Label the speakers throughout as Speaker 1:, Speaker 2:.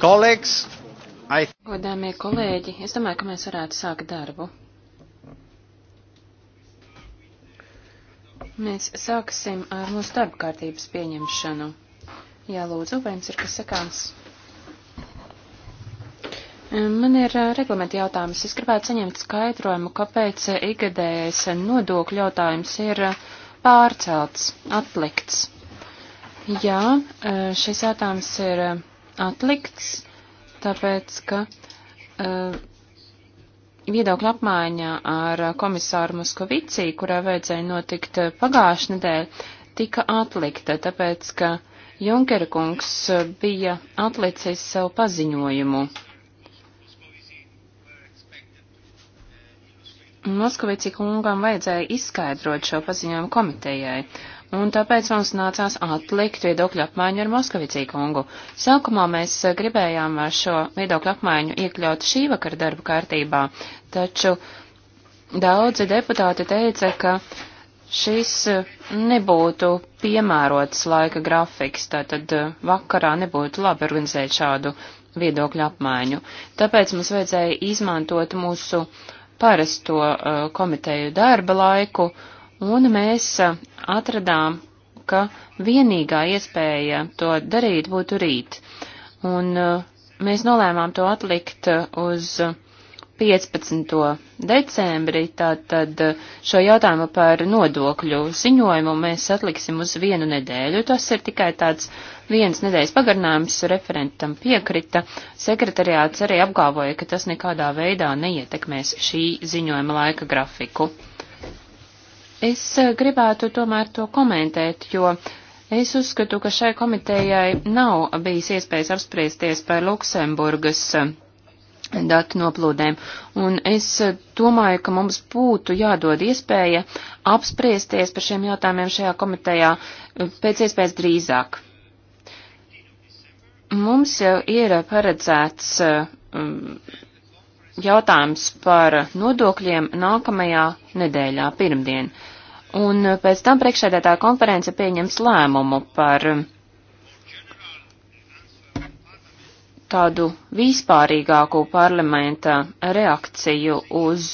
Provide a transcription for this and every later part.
Speaker 1: Kolēģis! I... Godāmie kolēģi, es domāju, ka mēs varētu sākt darbu. Mēs sāksim ar mūsu darba kārtības pieņemšanu. Jā, lūdzu, vai jums ir kas sakāms? Man ir reglamenta jautājums. Es gribētu saņemt skaidrojumu, kāpēc ikgadējais nodokļu jautājums ir pārcelts, atlikts. Jā, šis jautājums ir atlikts, tāpēc ka uh, viedokļa apmaiņā ar komisāru Moskovici, kurai vajadzēja notikt eh, pagājušajā nedēļā, tika atlikta, tāpēc ka Junkera kungs eh, bija atlicis savu paziņojumu. Moskovici kungam vajadzēja izskaidrot šo paziņojumu komitejai, un tāpēc mums nācās atlikt viedokļu apmaiņu ar Moskavicī kungu. Sākumā mēs gribējām šo viedokļu apmaiņu iekļaut šī vakara darba kārtībā, taču daudzi deputāti teica, ka šis nebūtu piemērots laika grafiks, tātad vakarā nebūtu labi organizēt šādu viedokļu apmaiņu. Tāpēc mums vajadzēja izmantot mūsu parasto uh, komiteju darba laiku, uh, un mēs atradām, ka vienīgā iespēja to darīt būtu rīt. Un mēs nolēmām to atlikt uz 15. decembrī, tātad šo jautājumu par nodokļu ziņojumu mēs atliksim uz vienu nedēļu. Tas ir tikai tāds viens nedēļas pagarinājums, referentam piekrita. Sekretariāts arī apgalvoja, ka tas nekādā veidā neietekmēs šī ziņojuma laika grafiku. Es eh, gribētu tomēr to komentēt, jo es uzskatu, ka šai komitejai nav bijis iespējas apspriesties par Luksemburgas eh, datu noplūdēm. Un es eh, domāju, ka mums būtu jādod iespēja apspriesties par šiem jautājumiem šajā komitejā pēc iespējas drīzāk. Mums jau ir paredzēts jautājums par nodokļiem nākamajā nedēļā, pirmdien. Un pēc tam priekšsēdētā konference pieņems lēmumu par tādu vispārīgāku parlamenta reakciju uz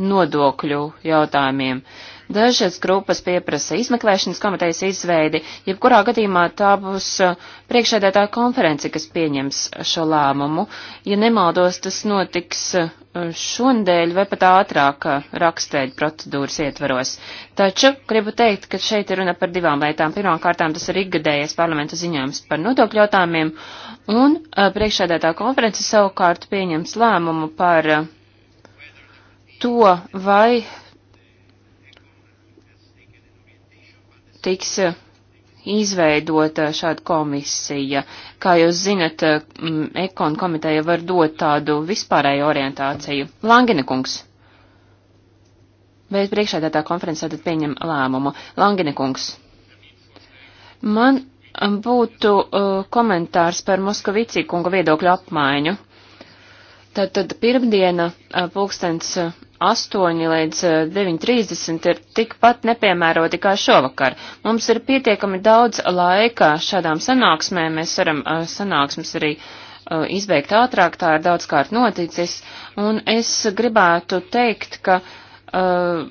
Speaker 1: nodokļu jautājumiem. Uh, Dažas grupas pieprasa izmeklēšanas komitejas izveidi, jebkurā gadījumā tā būs uh, priekšēdētā konference, kas pieņems šo lēmumu. Ja nemaldos, tas notiks uh, šundēļ vai pat ātrāk uh, rakstveida procedūras ietvaros. Taču gribu teikt, ka šeit ir runa par divām lietām. Pirmkārtām tas ir ikgadējais parlamenta ziņojums par nodokļu jautājumiem, un priekšēdētā konference savukārt pieņems lēmumu par to, vai tiks eh, izveidota šāda komisija. Kā jūs zinat, eh, ekon komiteja var dot tādu vispārēju orientāciju. Langenekungs. Bet priekšēdētā konferencē tad pieņem lēmumu. Langenekungs. Man būtu uh, komentārs par Moskavici kunga viedokļu apmaiņu. Tad, tad pirmdiena pulkstens 8 līdz 9.30 ir tikpat nepiemēroti kā šovakar. Mums ir pietiekami daudz laika šādām sanāksmēm, mēs varam sanāksmes arī izbeigt ātrāk, tā ir daudzkārt noticis, un es gribētu teikt, ka uh,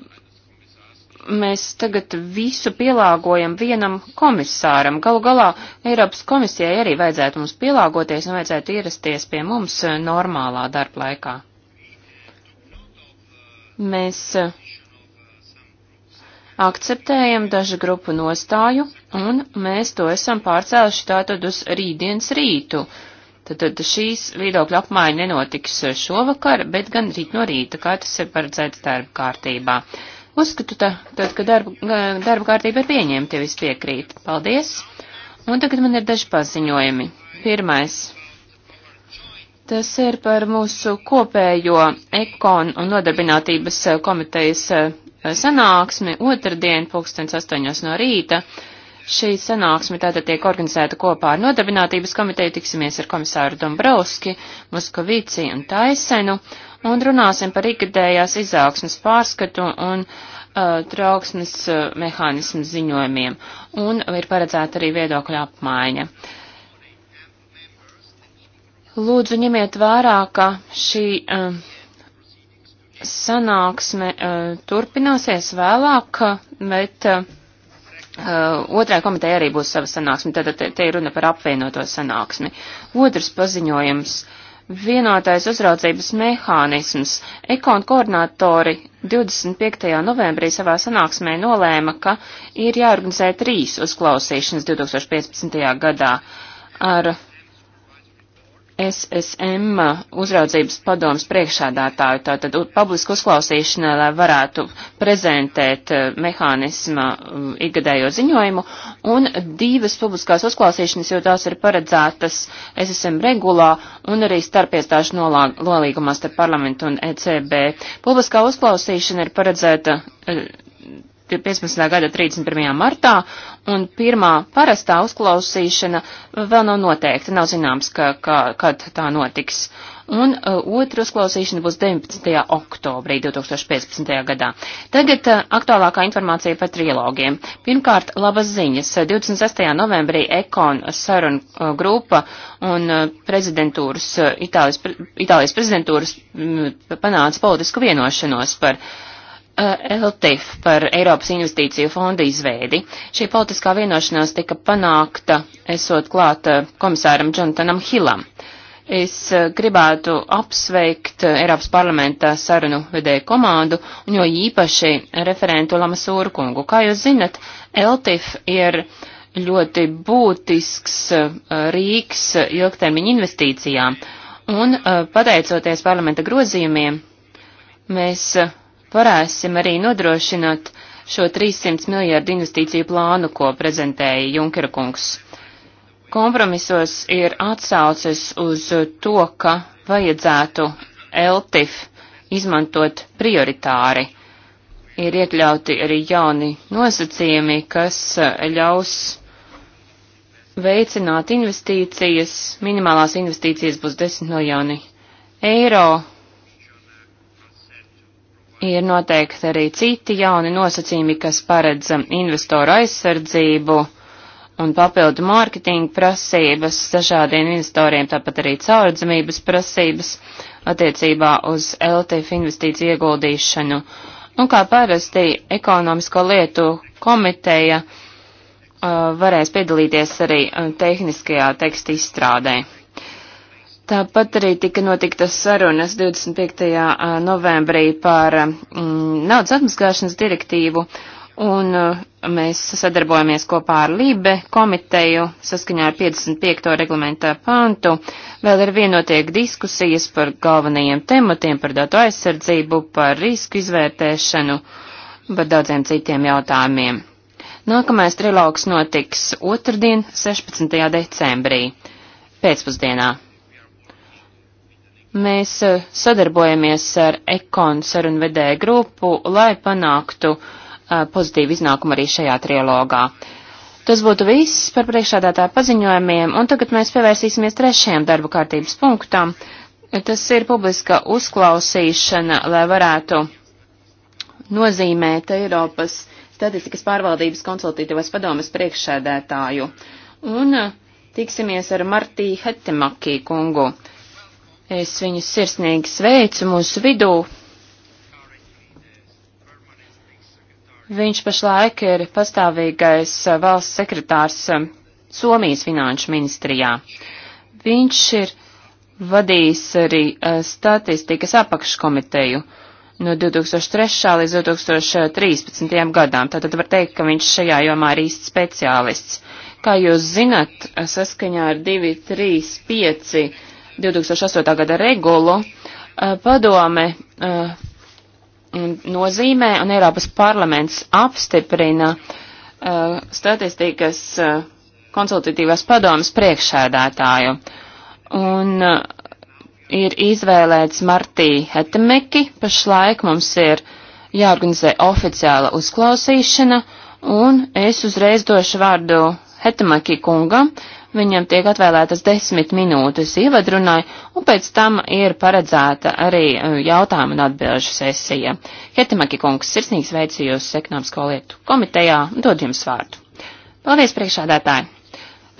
Speaker 1: mēs tagad visu pielāgojam vienam komisāram. Galu galā Eiropas komisijai arī vajadzētu mums pielāgoties un vajadzētu ierasties pie mums eh, normālā darba laikā. Mēs eh, akceptējam dažu grupu nostāju un mēs to esam pārcēluši tātad uz rītdienas rītu. Tad, tad šīs viedokļa apmaiņa nenotiks eh, šovakar, bet gan rīt no rīta, kā tas ir paredzēts darba kārtībā. Uh, Uzskatu tā, tad, ka darba, darba kārtība ir pieņemta, ja viss piekrīt. Paldies! Un tagad man ir daži paziņojumi. Pirmais. Tas ir par mūsu kopējo ekon un nodarbinātības komitejas eh, sanāksmi otrdien, pulkstens astoņos no rīta. Šī sanāksme tātad tiek organizēta kopā ar Nodarbinātības komiteju, tiksimies ar komisāru Dombrovski, Muskovici un Taisenu, un runāsim par ikgadējās izaugsmas pārskatu un uh, trauksmes uh, mehānismu ziņojumiem, un ir paredzēta arī viedokļa apmaiņa. Lūdzu, ņemiet vērā, ka šī uh, sanāksme uh, turpināsies vēlāk, bet. Uh, Uh, otrā komiteja arī būs sava sanāksme, tad te, te ir runa par apvienoto sanāksmi. Otrs paziņojums. Vienotais uzraudzības mehānisms. Ekon koordinātori 25. novembrī savā sanāksmē nolēma, ka ir jāorganizē trīs uzklausīšanas 2015. gadā ar SSM uh, uzraudzības padomas priekšādātāju, tātad publisku uzklausīšanā, lai varētu prezentēt uh, mehānisma uh, ikgadējo ziņojumu, un divas publiskās uzklausīšanas, jo tās ir paredzētas SSM regulā un arī starpiestāšu nolīgumā starp parlamentu un ECB. Publiskā uzklausīšana ir paredzēta 15. gada 31. martā, un pirmā parastā uzklausīšana vēl nav noteikta, nav zināms, ka, ka, kad tā notiks. Un uh, otra uzklausīšana būs 19. oktobrī 2015. gadā. Tagad uh, aktuālākā informācija par trilogiem. Pirmkārt, labas ziņas. 26. novembrī Ekon saruna uh, grupa un uh, prezidentūras, uh, Itālijas, pre, Itālijas prezidentūras m, mm, panāca politisku vienošanos par uh, Eh, LTIF par Eiropas investīciju fonda izveidi. Šī politiskā vienošanās tika panākta, esot klāta eh, komisāram Jonathanam Hillam. Es eh, gribētu apsveikt Eiropas parlamenta sarunu vedēju komandu, un jo īpaši referentu Lamasūru kungu. Kā jūs zinat, LTIF ir ļoti būtisks rīks ilgtermiņa investīcijām, un pateicoties parlamenta grozījumiem, mēs varēsim arī nodrošināt šo 300 miljārdu investīciju plānu, ko prezentēja Junkera kungs. Kompromisos ir atsauces uz to, ka vajadzētu LTIF izmantot prioritāri. Ir iekļauti arī jauni nosacījumi, kas eh, ļaus veicināt investīcijas. Minimālās investīcijas būs 10 miljoni eiro Ir noteikti arī citi jauni nosacījumi, kas paredz um, investoru aizsardzību un papildu mārketinga prasības dažādiem investoriem, tāpat arī caurdzamības prasības attiecībā uz LTF investīciju ieguldīšanu. Un kā parasti ekonomisko lietu komiteja uh, varēs piedalīties arī uh, tehniskajā teksta izstrādē. Tāpat arī tika notiktas sarunas 25. novembrī par mm, naudas atmaskāšanas direktīvu, un mēs sadarbojamies kopā ar Lībe komiteju saskaņā ar 55. reglamentā pantu. Vēl ir vienotiek diskusijas par galvenajiem tematiem, par datu aizsardzību, par risku izvērtēšanu, par daudziem citiem jautājumiem. Nākamais trilogs notiks otrdien, 16. decembrī, pēcpusdienā. Mēs e, sadarbojamies ar ekonu sarunvedēju grupu, lai panāktu uh, pozitīvu iznākumu arī šajā trilogā. Tas būtu viss par priekšādātāju paziņojumiem, un tagad mēs pievērsīsimies trešajam darba kārtības punktam. Tas ir publiska uzklausīšana, lai varētu nozīmēt Eiropas statistikas pārvaldības konsultatīvās padomas priekšsēdētāju. Un e, tiksimies ar Martī Hettemaki kungu. Es viņus sirsnīgi sveicu mūsu vidū. Viņš pašlaik ir pastāvīgais eh, valsts sekretārs eh, Somijas finanšu ministrijā. Viņš ir vadījis arī eh, statistikas apakškomiteju no 2003. līdz 2013. gadām. Tātad var teikt, ka viņš šajā jomā ir īsts speciālists. Kā jūs zinat, saskaņā ar 235 2008. gada regulu eh, padome eh, nozīmē un Eiropas parlaments apstiprina eh, statistikas konsultatīvās padomas priekšsēdētāju. Un ir izvēlēts Martī Hetemeki, pašlaik mums ir jāorganizē oficiāla uzklausīšana, un es uzreiz došu vārdu Hetamaki kungam. Viņam tiek atvēlētas desmit minūtes ievadrunai, un pēc tam ir paredzēta arī uh, jautājuma un atbilžu sesija. Hetamaki kungs sirsnīgs veids jūs ekonomisko lietu komitejā un dod jums vārdu. Paldies, priekšādātāji!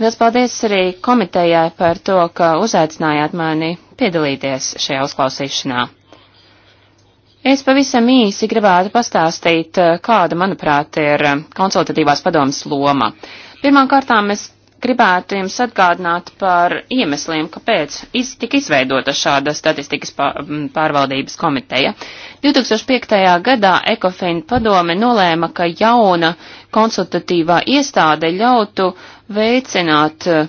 Speaker 1: Liels paldies arī komitejai par to, ka uzaicinājāt mani piedalīties šajā uzklausīšanā. Es pavisam īsi gribētu pastāstīt, uh, kāda, manuprāt, ir uh, konsultatīvās padomas loma. Pirmām kārtām es gribētu jums atgādināt par iemesliem, kāpēc iz, tika izveidota šāda statistikas pārvaldības komiteja. 2005. gadā Ekofina padome nolēma, ka jauna konsultatīvā iestāde ļautu veicināt e,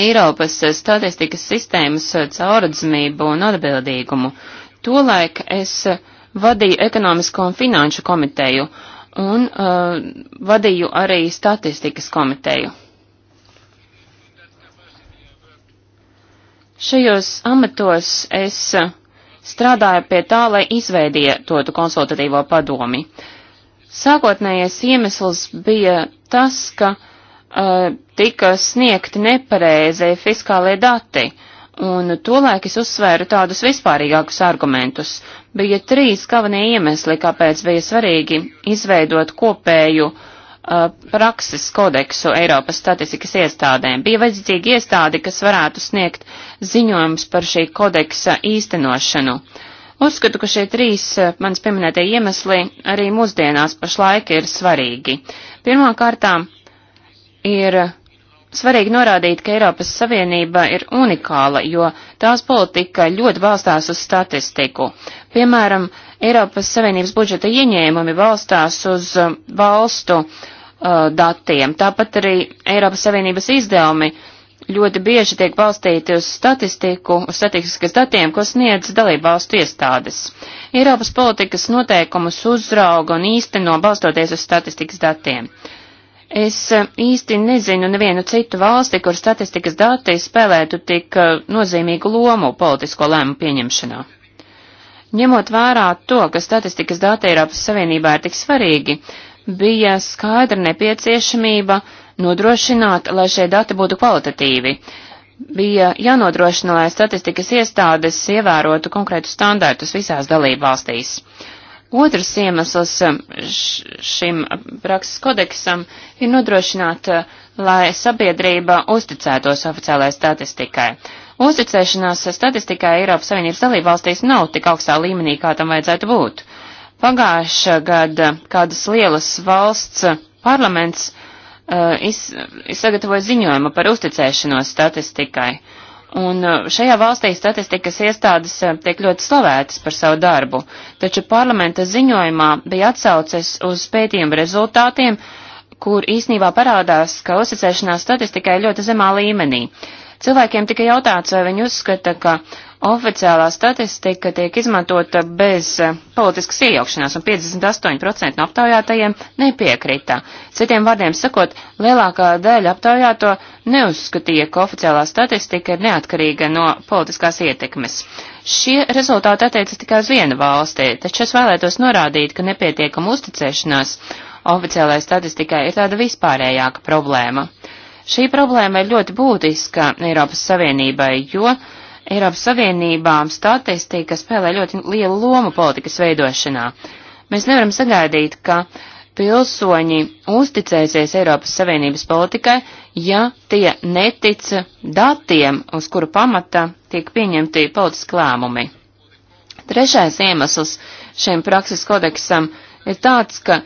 Speaker 1: Eiropas statistikas sistēmas cauradzamību un atbildīgumu. Tolaik es vadīju ekonomisko un finanšu komiteju, un uh, vadīju arī statistikas komiteju. Šajos amatos es uh, strādāju pie tā, lai izveidotu konsultatīvo padomi. Sākotnējais iemesls bija tas, ka uh, tika sniegti nepareizie fiskālie dati, uh, Un tolaik es uzsvēru tādus vispārīgākus argumentus. Bija trīs galvenie iemesli, kāpēc bija svarīgi izveidot kopēju uh, prakses kodeksu Eiropas statistikas iestādēm. Bija vajadzīga iestāde, kas varētu sniegt ziņojums par šī kodeksa īstenošanu. Uzskatu, ka šie trīs uh, manas pieminētie iemesli arī mūsdienās pašlaik ir svarīgi. Pirmkārtām ir Svarīgi norādīt, ka Eiropas Savienība ir unikāla, jo tās politika ļoti balstās uz statistiku. Piemēram, Eiropas Savienības budžeta ieņēmumi balstās uz um, valstu uh, datiem. Tāpat arī Eiropas Savienības izdevumi ļoti bieži tiek balstīti uz statistiku, uz statistikas datiem, ko sniedz dalībvalstu iestādes. Eiropas politikas noteikumus uzrauga un īsteno balstoties uz statistikas datiem. Es eh, īsti nezinu nevienu citu valsti, kur statistikas dati spēlētu tik eh, nozīmīgu lomu politisko lēmu pieņemšanā. Ņemot vērā to, ka statistikas dati Eiropas Savienībā ir tik svarīgi, bija skaidra nepieciešamība nodrošināt, lai šie dati būtu kvalitatīvi. Bija jānodrošina, lai statistikas iestādes ievērotu konkrētu standārtus visās dalībvalstīs. valstīs. Otrs iemesls um, šim prakses kodeksam ir nodrošināt, uh, lai sabiedrība uzticētos oficiālajai statistikai. Uzticēšanās statistikai Eiropas Savienības dalībvalstīs nav tik augstā līmenī, kā tam vajadzētu būt. Pagājušā gada kādas lielas valsts parlaments uh, iz, sagatavoja ziņojumu par uzticēšanos statistikai. Uh, Un uh, šajā valstī statistikas iestādes uh, tiek ļoti slavētas par savu darbu, taču parlamenta ziņojumā bija atsauces uz pētījumu rezultātiem, kur īsnībā parādās, ka uzticēšanās statistikai ļoti zemā līmenī. Cilvēkiem tika jautāts, vai viņi uzskata, ka uh, oficiālā statistika tiek izmantota bez eh, politiskas iejaukšanās, un 58% no aptaujātajiem nepiekrita. Citiem vārdiem sakot, lielākā daļa aptaujāto neuzskatīja, ka oficiālā statistika ir neatkarīga no politiskās ietekmes. Šie rezultāti attiecas tikai uz vienu valsti, taču es vēlētos norādīt, ka nepietiekama uzticēšanās oficiālajai statistikai ir tāda vispārējāka problēma. Šī problēma ir ļoti būtiska Eiropas Savienībai, jo Eiropas Savienībām statistika spēlē ļoti lielu lomu politikas veidošanā. Mēs nevaram sagaidīt, ka pilsoņi uzticēsies Eiropas Savienības politikai, ja tie netic datiem, uz kuru pamata tiek pieņemti politiski lēmumi. Trešais iemesls šiem prakses kodeksam ir tāds, ka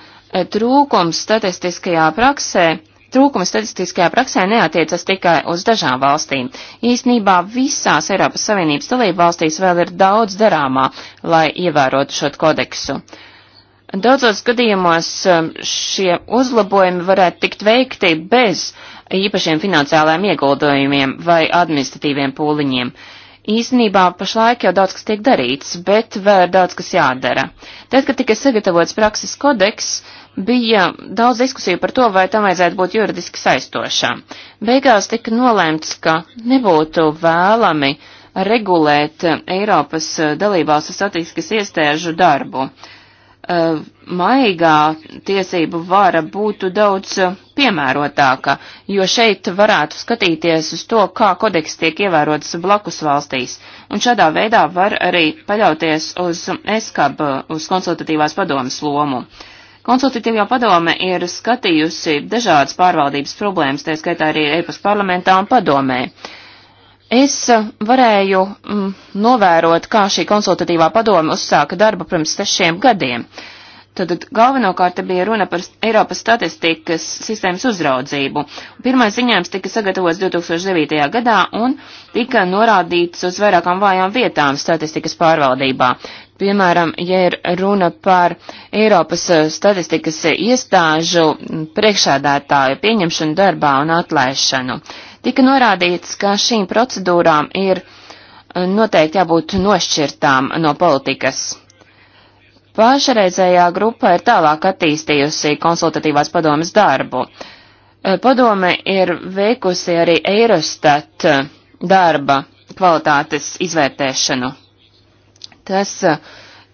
Speaker 1: trūkums statistiskajā praksē Trūkumi statistiskajā praksē neatiecas tikai uz dažām valstīm. Īsnībā visās Eiropas Savienības dalību valstīs vēl ir daudz darāmā, lai ievērotu šo kodeksu. Daudzos gadījumos um, šie uzlabojumi varētu tikt veikti bez īpašiem finansiālajiem ieguldojumiem vai administratīviem pūliņiem. Uh, Īsnībā pašlaik jau daudz kas tiek darīts, bet vēl ir daudz kas jādara. Tad, kad tika sagatavots prakses kodeks, bija daudz diskusiju par to, vai tam vajadzētu būt juridiski saistošām. Beigās tika nolēmts, ka nebūtu vēlami regulēt Eiropas dalībvalstu statistikas iestāžu darbu. Uh, uh, maigā tiesību vara būtu daudz eh, piemērotāka, jo šeit varētu skatīties uz to, kā kodeks tiek ievērots blakus valstīs, un šādā veidā var arī paļauties uz ESCAB, eh, uz konsultatīvās padomas lomu. Konsultatīvā padome ir skatījusi dažādas pārvaldības problēmas, tā skaitā arī Eiropas parlamentā un padomē. Uh, Es eh, varēju mm, novērot, kā šī konsultatīvā padoma uzsāka darbu pirms sešiem gadiem. Tad galvenokārt bija runa par Eiropas statistikas sistēmas uzraudzību. Pirmais ziņojums tika sagatavots 2009. gadā un tika norādīts uz vairākām vājām vietām statistikas pārvaldībā. Piemēram, ja ir runa par Eiropas eh, statistikas iestāžu priekšādātāju pieņemšanu darbā un atlaišanu. Uh, Tika norādīts, ka šīm procedūrām ir eh, noteikti jābūt nošķirtām no politikas. Pašreizējā grupa ir tālāk attīstījusi konsultatīvās padomas darbu. Eh, padome ir veikusi arī Eirostat eh, darba kvalitātes izvērtēšanu. Tas,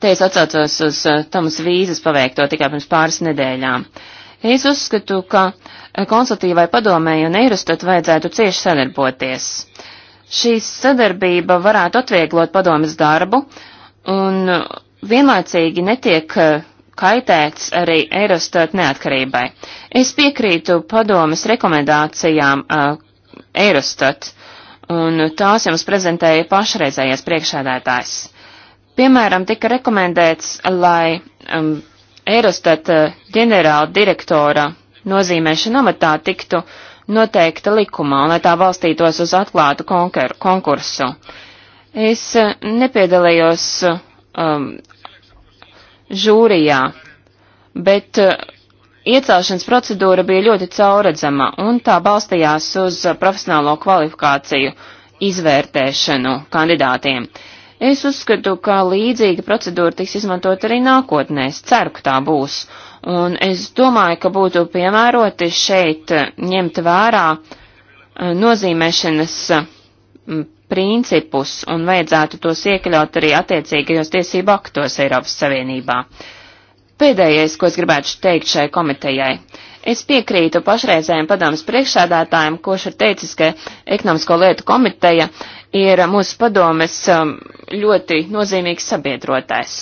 Speaker 1: te es atsaucos uz Tomas Vīzes paveikto tikai pirms pāris nedēļām. Uh, Es uzskatu, ka eh, konsultīvai padomēji un Eirostat vajadzētu cieši sadarboties. Šī sadarbība varētu atvieglot padomas darbu un eh, vienlaicīgi netiek eh, kaitēts arī Eirostat neatkarībai. Es piekrītu padomas rekomendācijām uh, Eirostat, un tās jums prezentēja pašreizējais priekšēdētājs. Piemēram, tika rekomendēts, lai um, Eirostat eh, ģenerāla direktora nozīmēšana amatā tiktu noteikta likumā, lai tā balstītos uz atklātu konkur konkursu. Es eh, nepiedalījos um, žūrijā, bet eh, iecelšanas procedūra bija ļoti cauredzama un tā balstījās uz profesionālo kvalifikāciju izvērtēšanu kandidātiem. Uh, Es uzskatu, ka līdzīga procedūra tiks izmantot arī nākotnē. Es ceru, ka tā būs. Un es domāju, ka būtu piemēroti šeit ņemt vērā eh, nozīmēšanas mm, principus un vajadzētu tos iekļaut arī attiecīgajos tiesību aktos Eiropas Savienībā. Pēdējais, ko es gribētu teikt šai komitejai. Es piekrītu pašreizējiem padomas priekšsādātājiem, kurš ir teicis, ka ekonomisko lietu komiteja ir mūsu padomes um, ļoti nozīmīgs sabiedrotais.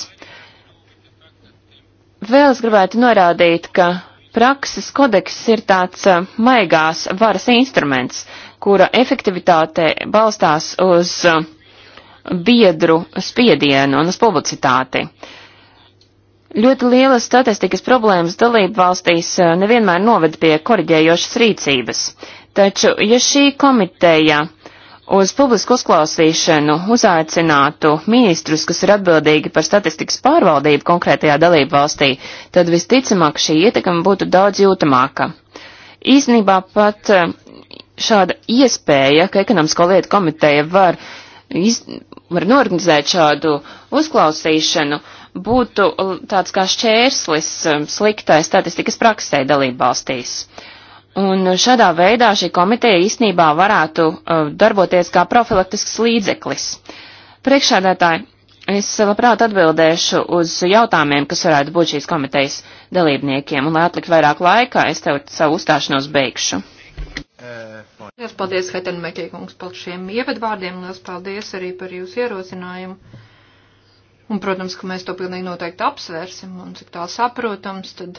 Speaker 1: Vēl es gribētu norādīt, ka prakses kodeks ir tāds uh, maigās varas instruments, kura efektivitāte balstās uz uh, biedru spiedienu un uz publicitāti. Uh, Ļoti lielas statistikas problēmas dalību valstīs eh, nevienmēr noved pie koriģējošas rīcības, taču, ja šī komiteja uz publisku uzklausīšanu uzaicinātu ministrus, kas ir atbildīgi par statistikas pārvaldību konkrētajā dalību valstī, tad visticamāk šī ietekme būtu daudz jūtamāka. Īsnībā pat eh, šāda iespēja, ka ekonomisko lietu komiteja var, iz, var norganizēt šādu uzklausīšanu, uh, būtu uh, tāds kā šķērslis um, sliktai statistikas praksē dalībvalstīs. Un šādā veidā šī komiteja īsnībā varētu uh, darboties kā profilaktisks līdzeklis. Priekšādētāji, es labprāt atbildēšu uz jautājumiem, kas varētu būt šīs komitejas dalībniekiem, un lai atlikt vairāk laika, es tev savu uzstāšanos beigšu.
Speaker 2: Liels paldies, Hetenmekī kungs, par šiem ievadvārdiem, liels paldies arī par jūsu ierosinājumu Un, protams, ka mēs to pilnīgi noteikti apsvērsim, un cik tā saprotams, tad,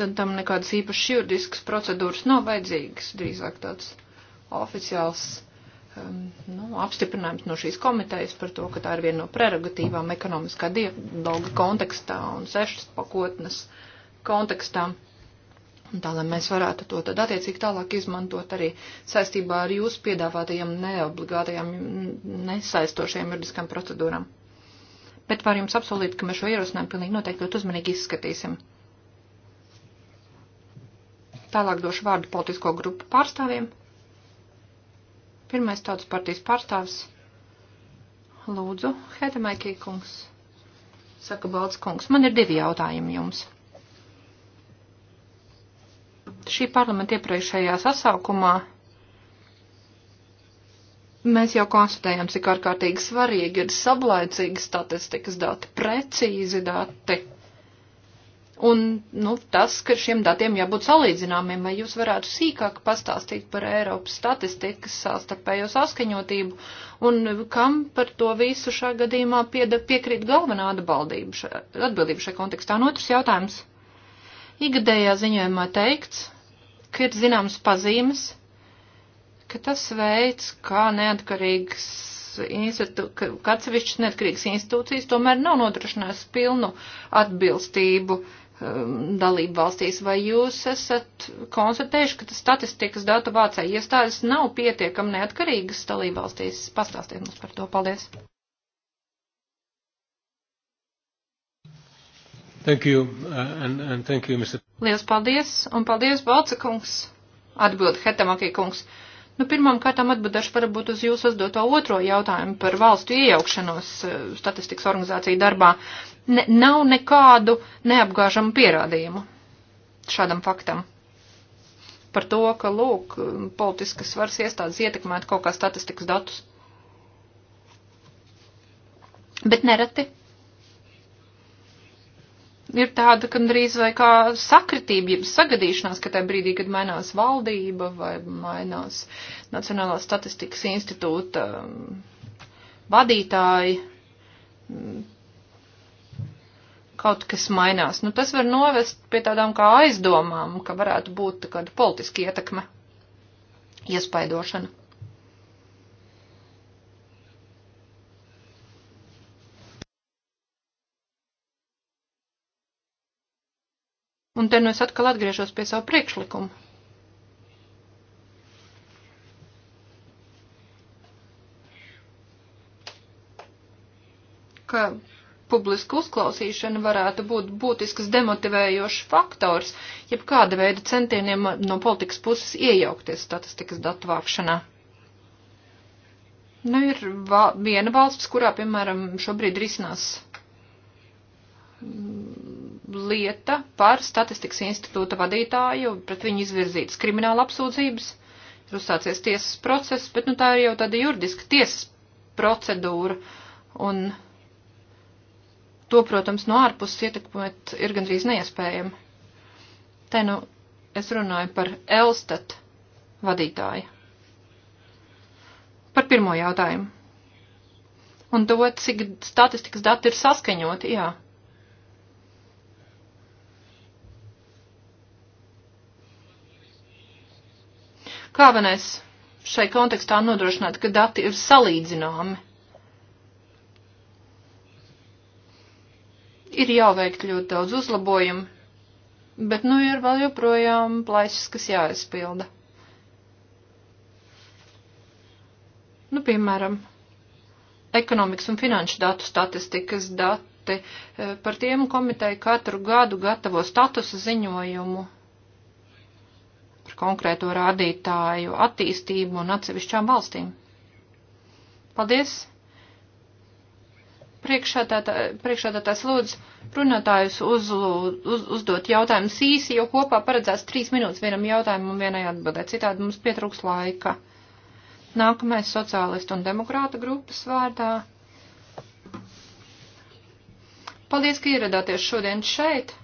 Speaker 2: tad tam nekādas īpašas juridiskas procedūras nav vajadzīgas, drīzāk tāds oficiāls um, nu, apstiprinājums no šīs komitejas par to, ka tā ir viena no prerogatīvām ekonomiskā dialoga kontekstā un sešas pakotnes kontekstā. Un tā, lai mēs varētu to tad attiecīgi tālāk izmantot arī saistībā ar jūsu piedāvātajiem neobligātajiem nesaistošiem juridiskām procedūrām bet var jums apsolīt, ka mēs šo ierosinājumu pilnīgi noteikti ļoti uzmanīgi izskatīsim. Tālāk došu vārdu politisko grupu pārstāvjiem. Pirmais tautas partijas pārstāvs. Lūdzu, Hedemaikī kungs. Saka Balts kungs, man ir divi jautājumi jums. Šī parlamenta iepriekšējā sasaukumā Mēs jau konstatējam, cik ārkārtīgi svarīgi ir sablaicīgi statistikas dati, precīzi dati. Un, nu, tas, ka šiem datiem jābūt salīdzināmiem, vai jūs varētu sīkāk pastāstīt par Eiropas statistikas sāstarpējo saskaņotību un kam par to visu šā gadījumā pieda, piekrīt galvenā šā, atbildība šajā kontekstā. Un otrs jautājums. Igadējā ziņojumā teikts, ka ir zināmas pazīmes, ka tas veids, kā neatkarīgs institū, ka atsevišķas neatkarīgas institūcijas tomēr nav nodrošinājis pilnu atbilstību um, dalību valstīs, vai jūs esat konstatējuši, ka statistikas datu vācēja iestādes nav pietiekam neatkarīgas dalību valstīs? Pastāstiet mums par to. Paldies!
Speaker 3: Thank you, uh, and, and thank you, Mr.
Speaker 2: Lielas paldies, un paldies, Balca kungs, atbild Hetamakī kungs. Uh, Nu, pirmām kārtām atbildēšu varbūt uz jūsu uzdoto otro jautājumu par valstu iejaukšanos eh, statistikas organizāciju darbā. Ne, nav nekādu neapgāžamu pierādījumu šādam faktam par to, ka, lūk, politiskas varas iestādes ietekmētu kaut kā statistikas datus. Bet nereti ir tāda, ka drīz vai kā sakritība, jeb sagadīšanās, ka tajā brīdī, kad mainās valdība vai mainās Nacionālā statistikas institūta um, vadītāji, um, kaut kas mainās. Nu, tas var novest pie tādām kā aizdomām, ka varētu būt kāda politiska ietekme, iespaidošana. Un te nu es atkal atgriežos pie savu priekšlikumu. Ka publiska uzklausīšana varētu būt būtisks demotivējošs faktors, jeb kāda veida centieniem no politikas puses iejaukties statistikas datu vākšanā. Nu, ir va viena valsts, kurā, piemēram, šobrīd risinās lieta par statistikas institūta vadītāju, pret viņu izvirzītas krimināla apsūdzības, ir uzsācies tiesas process, bet nu tā ir jau tāda juridiska tiesas procedūra, un to, protams, no ārpuses ietekmēt ir gandrīz neiespējami. Te nu es runāju par Elstat vadītāju. Par pirmo jautājumu. Un to, cik statistikas dati ir saskaņoti, jā. Kā vienais šai kontekstā nodrošināt, ka dati ir salīdzināmi? Ir jāveikt ļoti daudz uzlabojumu, bet nu ir vēl joprojām plaisas, kas jāizpilda. Nu, piemēram, ekonomikas un finanšu datu statistikas dati, eh, par tiem komiteja katru gadu gatavo statusa ziņojumu par konkrēto rādītāju attīstību un atsevišķām valstīm. Paldies! Priekšādātājs lūdzu runātājus uz, uz, uzdot jautājumus īsi, jo kopā paredzēts trīs minūtes vienam jautājumam un vienai atbildē. Citādi mums pietrūks laika. Nākamais sociālistu un demokrāta grupas vārdā. Paldies, ka ieradāties šodien šeit.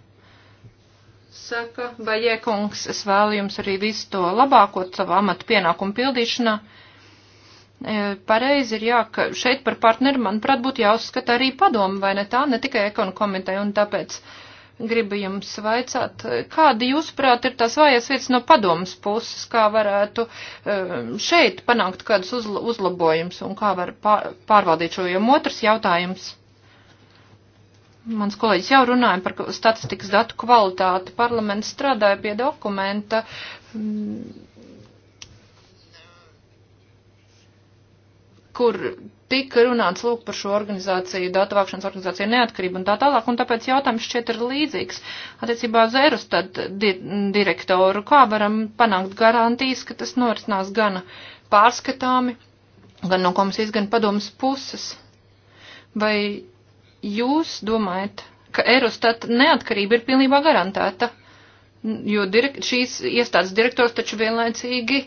Speaker 2: Saka, vai jēkungs, es vēlu jums arī visu to labāko savu amatu pienākumu pildīšanā. E, pareizi ir jā, ka šeit par partneri, manuprāt, būtu jāuzskata arī padomu, vai ne tā, ne tikai ekonu komiteja, un tāpēc gribu jums vaicāt, e, kādi jūsuprāt ir tās vājās vietas no padomas puses, kā varētu e, šeit panākt kādus uzlabojumus un kā var pārvaldīt šo, jo otrs jautājums Mans kolēģis jau runāja par statistikas datu kvalitāti. Parlaments strādāja pie dokumenta. Mm, kur tika runāts lūk par šo organizāciju, datu vākšanas organizāciju neatkarību un tā tālāk, un tāpēc jautājums šķiet ir līdzīgs. Attiecībā uz Eurostat di direktoru, kā varam panākt garantijas, ka tas norisinās gan pārskatāmi, gan no komisijas, gan padomas puses? Vai jūs domājat, ka Eurostat neatkarība ir pilnībā garantēta, jo direkt, šīs iestādes direktors taču vienlaicīgi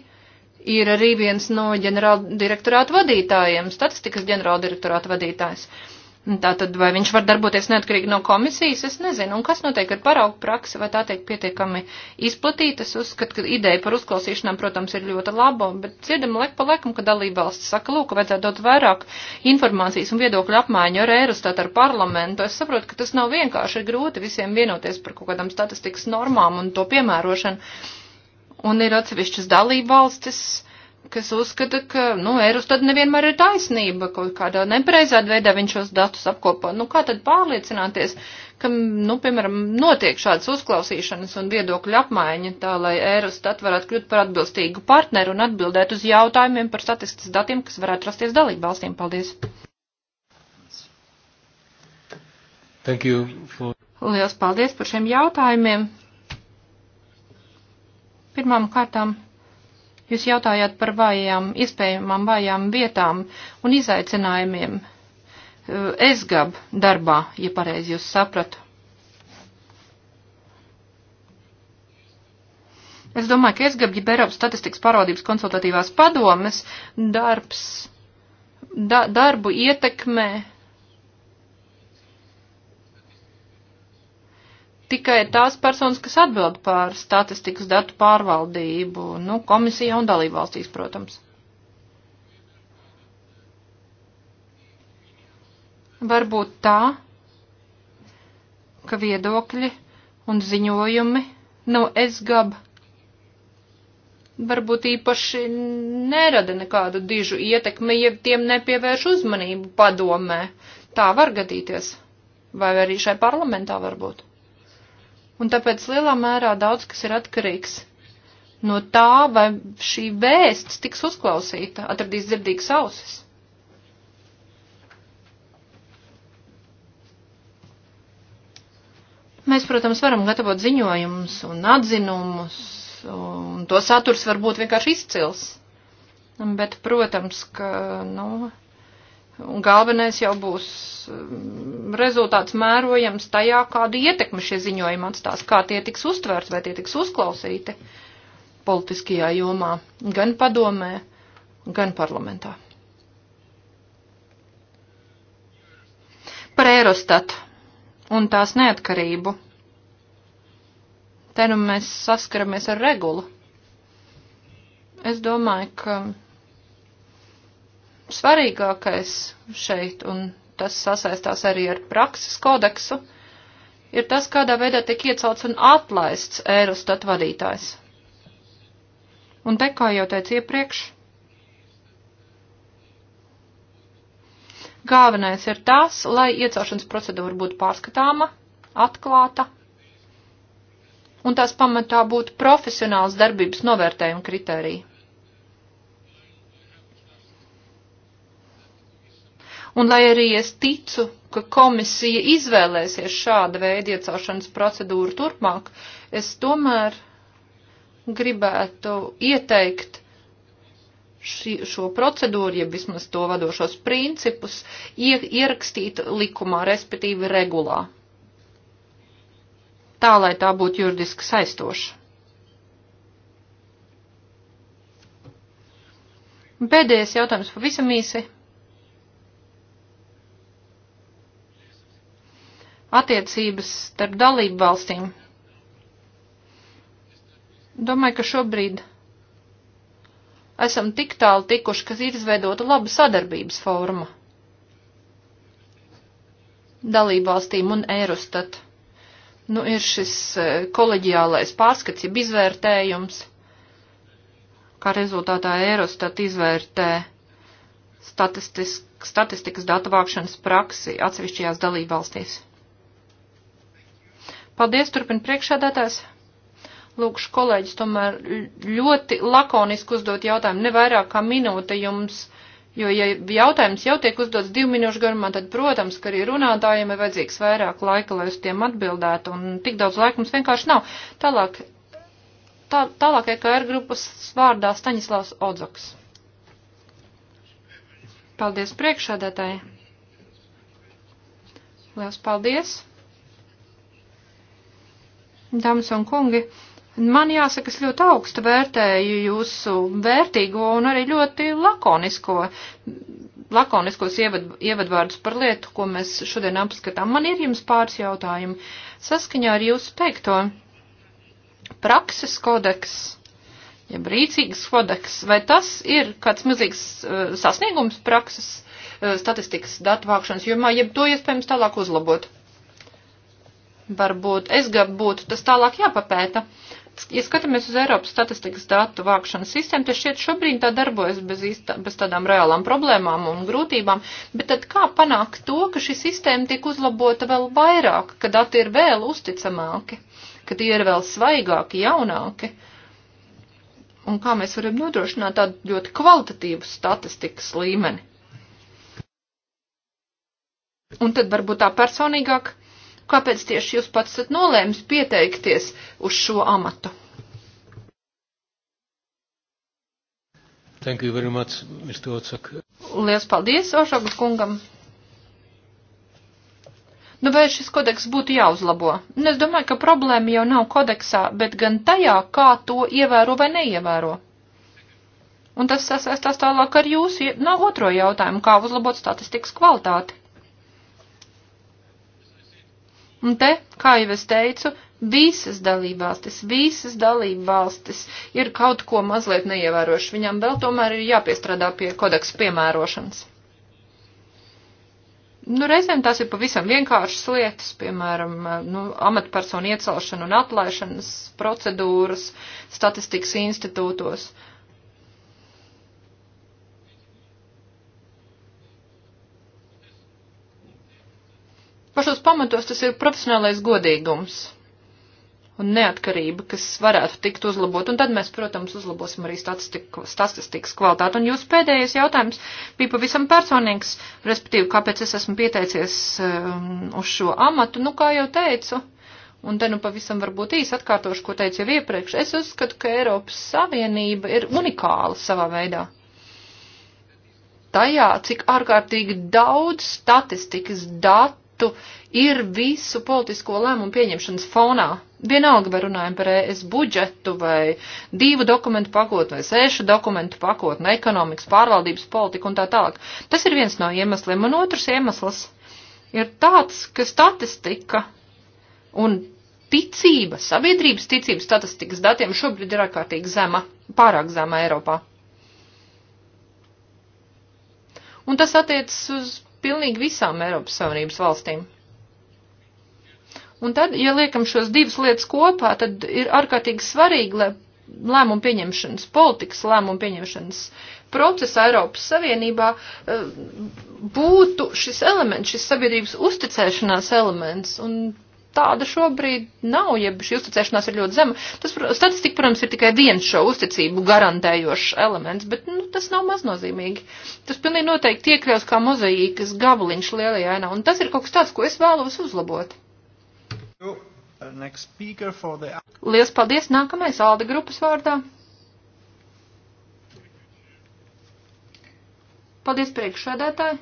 Speaker 2: ir arī viens no ģenerāla direktorāta vadītājiem, statistikas ģenerāla direktorāta vadītājs. Uh, Tātad, vai viņš var darboties neatkarīgi no komisijas, es nezinu. Un kas notiek ar paraugu praksi, vai tā tiek pietiekami izplatīta? Es uzskatu, ka ideja par uzklausīšanām, protams, ir ļoti laba, bet dzirdam lek pa lekam, ka dalībvalsts saka, lūk, vajadzētu dot vairāk informācijas un viedokļu apmaiņu ar Eirostat, ar parlamentu. Es saprotu, ka tas nav vienkārši, ir grūti visiem vienoties par kaut kādām statistikas normām un to piemērošanu. Un ir atsevišķas dalībvalstis kas uzskata, ka, nu, Eirus tad nevienmēr ir taisnība, kaut kādā nepreizā veidā viņš šos datus apkopo. Nu, kā tad pārliecināties, ka, nu, piemēram, notiek šādas uzklausīšanas un viedokļu apmaiņa, tā lai Eirus tad varētu kļūt par atbilstīgu partneru un atbildēt uz jautājumiem par statistikas datiem, kas varētu rasties dalību valstīm. Paldies!
Speaker 1: Thank you for...
Speaker 2: Lielas paldies par šiem jautājumiem. Pirmām kārtām Jūs jautājāt par vājām, iespējamām vājām vietām un izaicinājumiem eh, SGAB darbā, ja pareizi jūs sapratu. Es domāju, ka SGAB, ja Eiropas statistikas pārvaldības konsultatīvās padomes darbs, da, darbu ietekmē tikai tās personas, kas atbild par statistikas datu pārvaldību, nu, komisija un dalībvalstīs, protams. Varbūt tā, ka viedokļi un ziņojumi no nu, SGAB varbūt īpaši nerada nekādu dižu ietekmi, ja tiem nepievērš uzmanību padomē. Tā var gadīties. Vai arī šai parlamentā varbūt un tāpēc lielā mērā daudz kas ir atkarīgs no tā, vai šī vēsts tiks uzklausīta, atradīs dzirdīgas ausis. Mēs, protams, varam gatavot ziņojumus un atzinumus, un to saturs var būt vienkārši izcils. Bet, protams, ka, nu, Un galvenais jau būs mm, rezultāts mērojams tajā, kādu ietekmi šie ziņojumi atstās, kā tie tiks uztvērts, vai tie tiks uzklausīti politiskajā jomā, gan padomē, gan parlamentā. Par Eurostatu un tās neatkarību. Te nu mēs saskaramies ar regulu. Es domāju, ka svarīgākais šeit, un tas sasaistās arī ar prakses kodeksu, ir tas, kādā veidā tiek iecelts un atlaists Eurostat vadītājs. Un te, kā jau teicu iepriekš, galvenais ir tas, lai iecelšanas procedūra būtu pārskatāma, atklāta, un tās pamatā būtu profesionāls darbības novērtējuma kritērija. Un lai arī es ticu, ka komisija izvēlēsies šāda veida iecelšanas procedūru turpmāk, es tomēr gribētu ieteikt ši, šo procedūru, ja vismaz to vadošos principus, ie, ierakstīt likumā, respektīvi regulā. Tā, lai tā būtu juridiski saistoša. Pēdējais jautājums pavisam īsi. attiecības starp dalību valstīm. Domāju, ka šobrīd esam tik tālu tikuši, ka ir izveidota laba sadarbības forma dalību valstīm un Eurostat. Nu, ir šis e, koleģiālais pārskats, jeb izvērtējums, kā rezultātā Eurostat izvērtē statistikas datu vākšanas praksi atsevišķajās dalībvalstīs. Paldies, turpina priekšādātājs. Lūkšu kolēģis tomēr ļoti lakoniski uzdot jautājumu, ne vairāk kā minūte jums, jo, ja jautājums jau tiek uzdots divu minūšu garumā, tad, protams, ka arī runātājiem ir vajadzīgs vairāk laika, lai uz tiem atbildētu, un tik daudz laika mums vienkārši nav. Tālāk, tā, tālāk EKR grupas vārdā Staņislavs Odzoks. Paldies priekšādātāji. Liels paldies! dāmas un kungi, man jāsaka, es ļoti augstu vērtēju jūsu vērtīgo un arī ļoti lakonisko, lakoniskos ievad, ievadvārdus par lietu, ko mēs šodien apskatām. Man ir jums pāris jautājumi. Saskaņā ar jūsu teikto, prakses kodeks, jeb rīcīgas kodeks, vai tas ir kāds milzīgs uh, sasniegums prakses uh, statistikas datu vākšanas jomā, jeb to iespējams tālāk uzlabot? varbūt es gab būtu tas tālāk jāpapēta. Ja skatāmies uz Eiropas statistikas datu vākšanas sistēmu, tad šķiet šobrīd tā darbojas bez, īsta, bez tādām reālām problēmām un grūtībām, bet tad kā panākt to, ka šī sistēma tiek uzlabota vēl vairāk, ka dati ir vēl uzticamāki, ka tie ir vēl svaigāki, jaunāki? Un kā mēs varam nodrošināt tādu ļoti kvalitatīvu statistikas līmeni? Un tad varbūt tā personīgāk Kāpēc tieši jūs pats esat nolēmis pieteikties uz šo amatu?
Speaker 3: Thank you very much, Mr. Otsak.
Speaker 2: Lielas paldies Ošogas kungam. Nu, vai šis kodeks būtu jāuzlabo? Un nu, es domāju, ka problēma jau nav kodeksā, bet gan tajā, kā to ievēro vai neievēro. Un tas sasaistās tālāk ar jūsu, nav otro jautājumu, kā uzlabot statistikas kvalitāti. Un te, kā jau es teicu, visas dalībvalstis, visas dalībvalstis ir kaut ko mazliet neievēroši. Viņam vēl tomēr ir jāpiestrādā pie kodeksa piemērošanas. Nu, reizēm tās ir pavisam vienkāršas lietas, piemēram, nu, amatpersonu iecelšana un atlaišanas procedūras statistikas institūtos. Uh, Pašos pamatos tas ir profesionālais godīgums un neatkarība, kas varētu tikt uzlabot. Un tad mēs, protams, uzlabosim arī statistikas kvalitāti. Un jūsu pēdējais jautājums bija pavisam personīgs, respektīvi, kāpēc es esmu pieteicies um, uz šo amatu. Nu, kā jau teicu, un te nu pavisam varbūt īsi atkārtošu, ko teicu jau iepriekš, es uzskatu, ka Eiropas Savienība ir unikāla savā veidā. Tajā, cik ārkārtīgi daudz statistikas datu datu ir visu politisko lēmumu pieņemšanas fonā. Vienalga, vai runājam par ES budžetu, vai divu dokumentu pakotni, vai sešu dokumentu pakotni, ekonomikas pārvaldības politiku un tā tālāk. Tas ir viens no iemesliem. Un otrs iemesls ir tāds, ka statistika un ticība, sabiedrības ticības statistikas datiem šobrīd ir ārkārtīgi zema, pārāk zema Eiropā. Un tas attiecas uz pilnīgi visām Eiropas Savienības valstīm. Un tad, ja liekam šos divas lietas kopā, tad ir ārkārtīgi svarīgi, lai lēmumu pieņemšanas, politikas lēmumu pieņemšanas procesa Eiropas Savienībā eh, būtu šis elements, šis sabiedrības uzticēšanās elements. Un tāda šobrīd nav, jeb šī uzticēšanās ir ļoti zema. Tas, statistika, protams, ir tikai viens šo uzticību garantējošs elements, bet nu, tas nav maznozīmīgi. Tas pilnīgi noteikti iekļaus kā mozaīkas gabaliņš lielajā ainā, un tas ir kaut kas tāds, ko es vēlos uzlabot. Uh, the... Lielas paldies! Nākamais Alde grupas vārdā. Paldies priekšsēdētāji!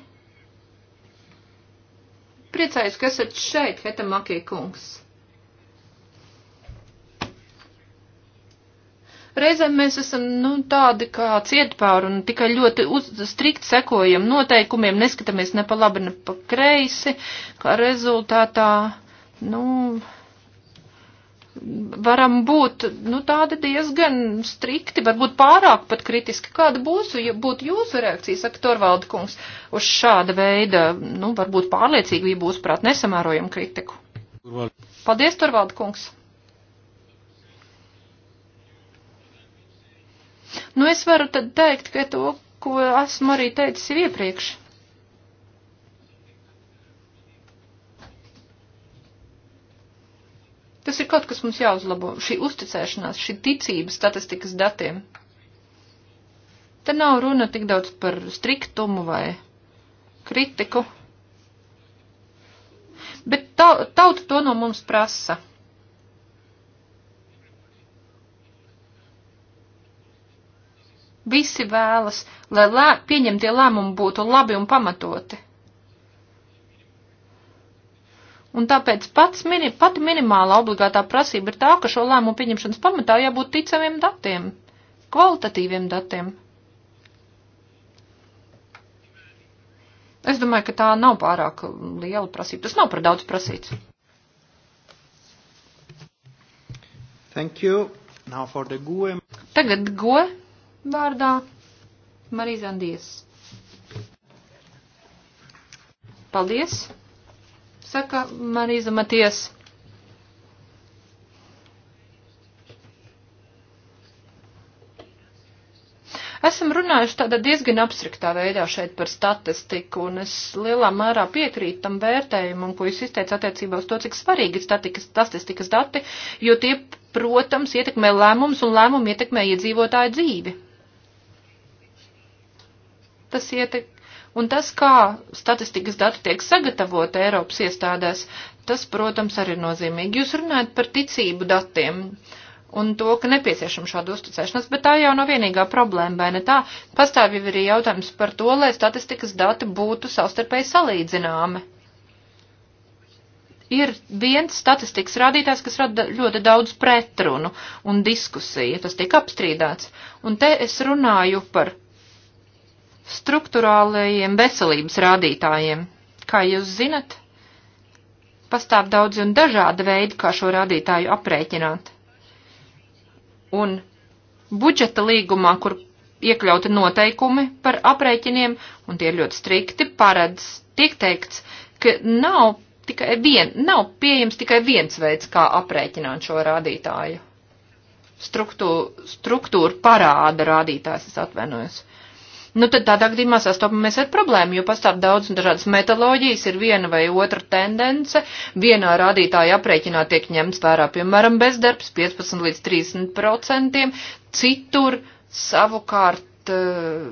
Speaker 2: Priecājos, ka esat šeit, Hetamakī kungs. Reizēm mēs esam, nu, tādi kā cietpāri un tikai ļoti uz, strikt sekojam noteikumiem, neskatamies ne pa labi, ne pa kreisi, kā rezultātā, nu, varam būt, nu, tādi diezgan strikti, varbūt pārāk pat kritiski. Kāda būs, ja būtu jūsu reakcija, saka Torvalda kungs, uz šāda veida, nu, varbūt pārliecīgību būs prāt nesamērojumu kritiku? Paldies, Torvalda kungs! Nu, es varu tad teikt, ka to, ko esmu arī teicis iepriekš. Tas ir kaut kas mums jāuzlabo, šī uzticēšanās, šī ticība statistikas datiem. Te nav runa tik daudz par striktumu vai kritiku, bet tauta to no mums prasa. Visi vēlas, lai lē, pieņemtie lēmumi būtu labi un pamatoti. Un tāpēc pats, mini, pati minimāla obligātā prasība ir tā, ka šo lēmumu pieņemšanas pamatā jābūt ticamiem datiem, kvalitatīviem datiem. Es domāju, ka tā nav pārāk liela prasība. Tas nav par daudz prasīts. Thank you. Now for the GUE. Tagad GUE vārdā Marīza Andies. Paldies. Saka Marīza Maties. Esam runājuši tādā diezgan abstraktā veidā šeit par statistiku, un es lielā mērā piekrītu tam vērtējumam, ko jūs izteicāt attiecībā uz to, cik svarīgi ir statikas, statistikas dati, jo tie, protams, ietekmē lēmums un lēmumu ietekmē iedzīvotāju dzīvi. Tas ietek, Un tas, kā statistikas dati tiek sagatavota Eiropas iestādēs, tas, protams, arī ir nozīmīgi. Jūs runājat par ticību datiem un to, ka nepieciešama šāda uzticēšanās, bet tā jau nav vienīgā problēma, vai ne tā? Pastāv jau arī jautājums par to, lai statistikas dati būtu savstarpēji salīdzināmi. Ir viens statistikas rādītājs, kas rada ļoti daudz pretrunu un diskusiju, tas tiek apstrīdāts. Un te es runāju par struktūrālajiem veselības rādītājiem. Kā jūs zinat, pastāv daudzi un dažādi veidi, kā šo rādītāju aprēķināt. Un budžeta līgumā, kur iekļauti noteikumi par aprēķiniem, un tie ir ļoti strikti, paredz, tiek teikts, ka nav tikai vien, nav pieejams tikai viens veids, kā aprēķināt šo rādītāju. Struktūru, struktūru parāda rādītājs, es atvainojos. Uh, nu tad tādā gadījumā sastopamies ar problēmu, jo pastāv daudz un dažādas metaloģijas, ir viena vai otra tendence, vienā rādītāja aprēķinā tiek ņemts vērā, piemēram, bezdarbs 15 līdz 30 procentiem, citur savukārt. Uh,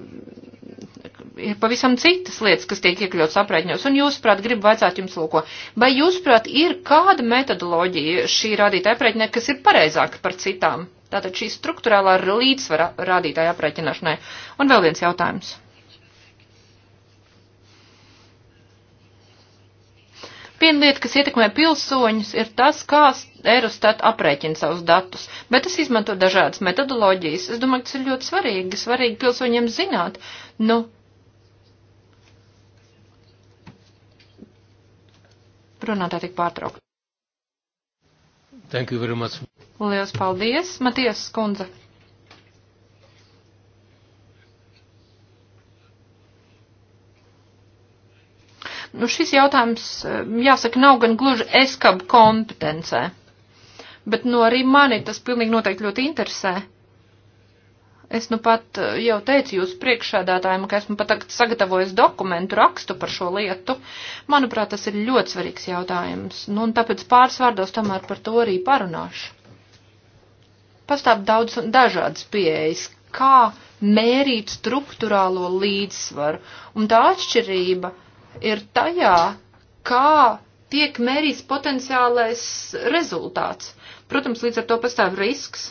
Speaker 2: ir pavisam citas lietas, kas tiek iekļautas aprēķinos. Un jūsuprāt, gribu vaicāt jums lūko, vai jūsuprāt ir kāda metodoloģija šī rādīta aprēķinē, kas ir pareizāka par citām? Tātad šī struktūrālā līdzsvara rādītāja aprēķināšanai. Un vēl viens jautājums. Viena lieta, kas ietekmē pilsoņus, ir tas, kā Eurostat aprēķina savus datus, bet es izmanto dažādas metodoloģijas. Es domāju, ka tas ir ļoti svarīgi, svarīgi pilsoņiem zināt. Nu, runātā tik pārtraukta.
Speaker 3: Thank you very much.
Speaker 2: Lielas paldies, Matiesas kundze. Nu, šis jautājums, eh, jāsaka, nav gan gluži eskab kompetencē, bet nu no arī mani tas pilnīgi noteikti ļoti interesē. Es nu pat eh, jau teicu jūsu priekšsēdētājiem, ka esmu pat sagatavojis dokumentu rakstu par šo lietu. Manuprāt, tas ir ļoti svarīgs jautājums. Nu, un tāpēc pāris vārdos tomēr par to arī parunāšu. Pastāv daudz un dažādas pieejas, kā mērīt struktūrālo līdzsvaru, un tā atšķirība ir tajā, kā tiek mērīts potenciālais rezultāts. Protams, līdz ar to pastāv risks,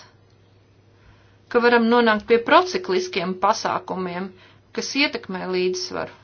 Speaker 2: ka varam nonākt pie procikliskiem pasākumiem, kas ietekmē līdzsvaru.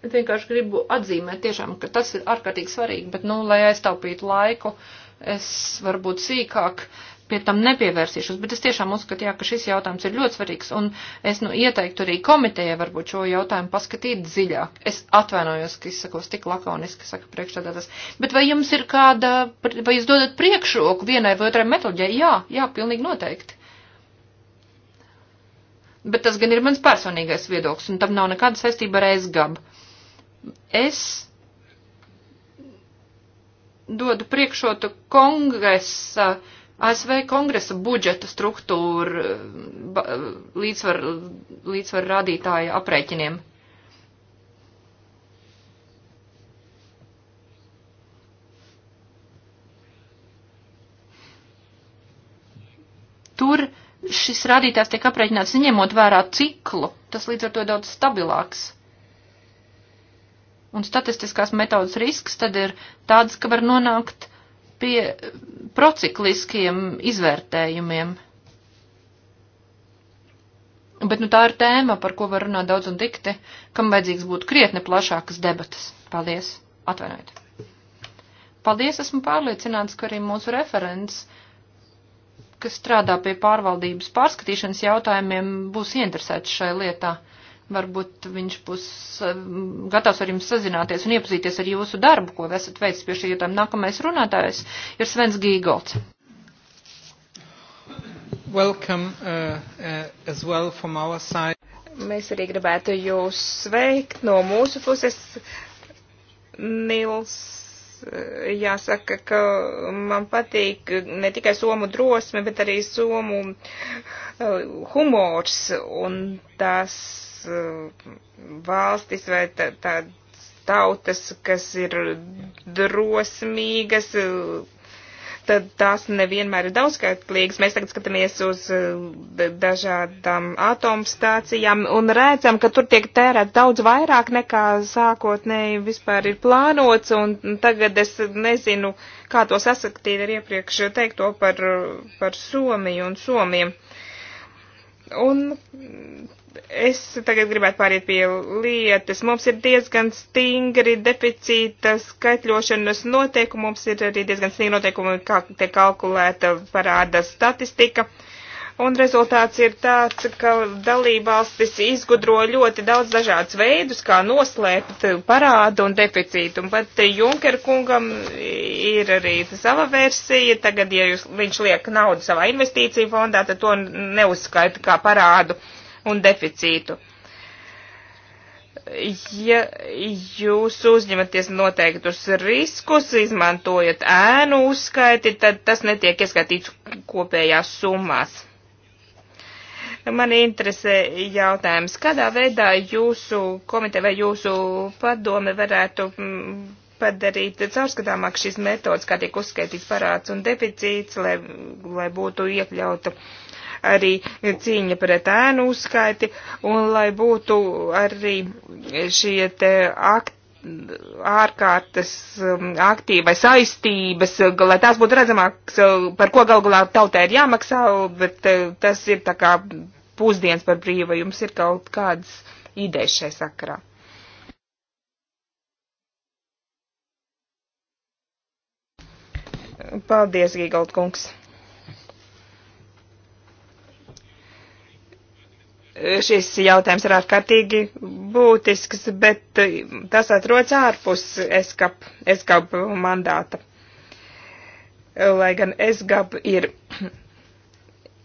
Speaker 2: Es vienkārši gribu atzīmēt tiešām, ka tas ir ārkārtīgi svarīgi, bet, nu, lai aiztaupītu laiku, uh, Es varbūt sīkāk pie tam nepievērsīšos, bet es tiešām uzskatu, jā, ka šis jautājums ir ļoti svarīgs, un es nu ieteiktu arī komitejai varbūt šo jautājumu paskatīt dziļāk. Es atvainojos, ka izsakos tik lakoniski, saka priekšstādātas, bet vai jums ir kāda, vai jūs dodat priekšroku vienai vai otrai metoģai? Jā, jā, pilnīgi noteikti. Bet tas gan ir mans personīgais viedoklis, un tam nav nekāda saistība ar SGAB. Es dodu priekšotu kongresa, ASV kongresa budžeta struktūru līdzvar, līdzvar rādītāju aprēķiniem. Tur šis rādītājs tiek aprēķināts neņemot vērā ciklu, tas līdz ar to ir daudz stabilāks un statistiskās metodas risks tad ir tāds, ka var nonākt pie procikliskiem izvērtējumiem. Bet nu tā ir tēma, par ko var runāt daudz un dikti, kam vajadzīgs būtu krietni plašākas debatas. Paldies, atvainojiet. Paldies, esmu pārliecināts, ka arī mūsu referents, kas strādā pie pārvaldības pārskatīšanas jautājumiem, būs interesēts šai lietā Varbūt viņš būs eh, gatavs ar jums sazināties un iepazīties ar jūsu darbu, ko esat veicis pie šī jautājuma. Nākamais runātājs ir Svens Gīgolds.
Speaker 3: Welcome, uh, uh, as well from our side. Mēs arī gribētu jūs sveikt no mūsu puses. Nils, uh, jāsaka, ka man patīk ne tikai somu drosme, bet arī somu uh, humors un tās Uh, valstis vai tādas tautas, kas ir drosmīgas, uh, tad tās nevienmēr ir daudzskaitlīgas. Mēs tagad skatāmies uz uh, dažādām atomstācijām un redzam, ka tur tiek tērēt daudz vairāk nekā sākotnēji vispār ir plānots, un tagad es nezinu, kā to sasaktīt ar iepriekš teikto par, par Somiju un Somiem. Uh, Un es tagad gribētu pāriet pie lietas. Mums ir diezgan stingri deficīta skaitļošanas noteikumi, mums ir arī diezgan stingri noteikumi, kā tiek kalkulēta parāda statistika. Uh, Un rezultāts ir tāds, ka dalībvalstis izgudro ļoti daudz dažādus veidus, kā noslēpt parādu un deficītu. Un pat Junker kungam ir arī sava versija. Tagad, ja jūs, viņš liek naudu savā investīciju fondā, tad to neuzskaita kā parādu un deficītu ja jūs uzņematies noteiktus riskus, izmantojat ēnu uzskaiti, tad tas netiek ieskaitīts kopējās summās. Man interesē jautājums, kādā veidā jūsu komiteja vai jūsu padome varētu mm, padarīt caurskatāmāk šīs metodas, kā tiek uzskaitīts parāds un deficīts, lai, lai būtu iekļauta arī cīņa pret ēnu uzskaiti un lai būtu arī šie te akti ārkārtas um, aktīvi vai saistības, lai tās būtu redzamāks, uh, par ko galu galā tautē ir jāmaksā, bet uh, tas ir tā kā pusdienas par brīvu, jums ir kaut kādas idejas šai sakarā. Paldies, Gīgald kungs! šis jautājums ir ārkārtīgi būtisks, bet tas atrodas ārpus ESGAP, ESGAP mandāta. Lai gan ESGAP ir,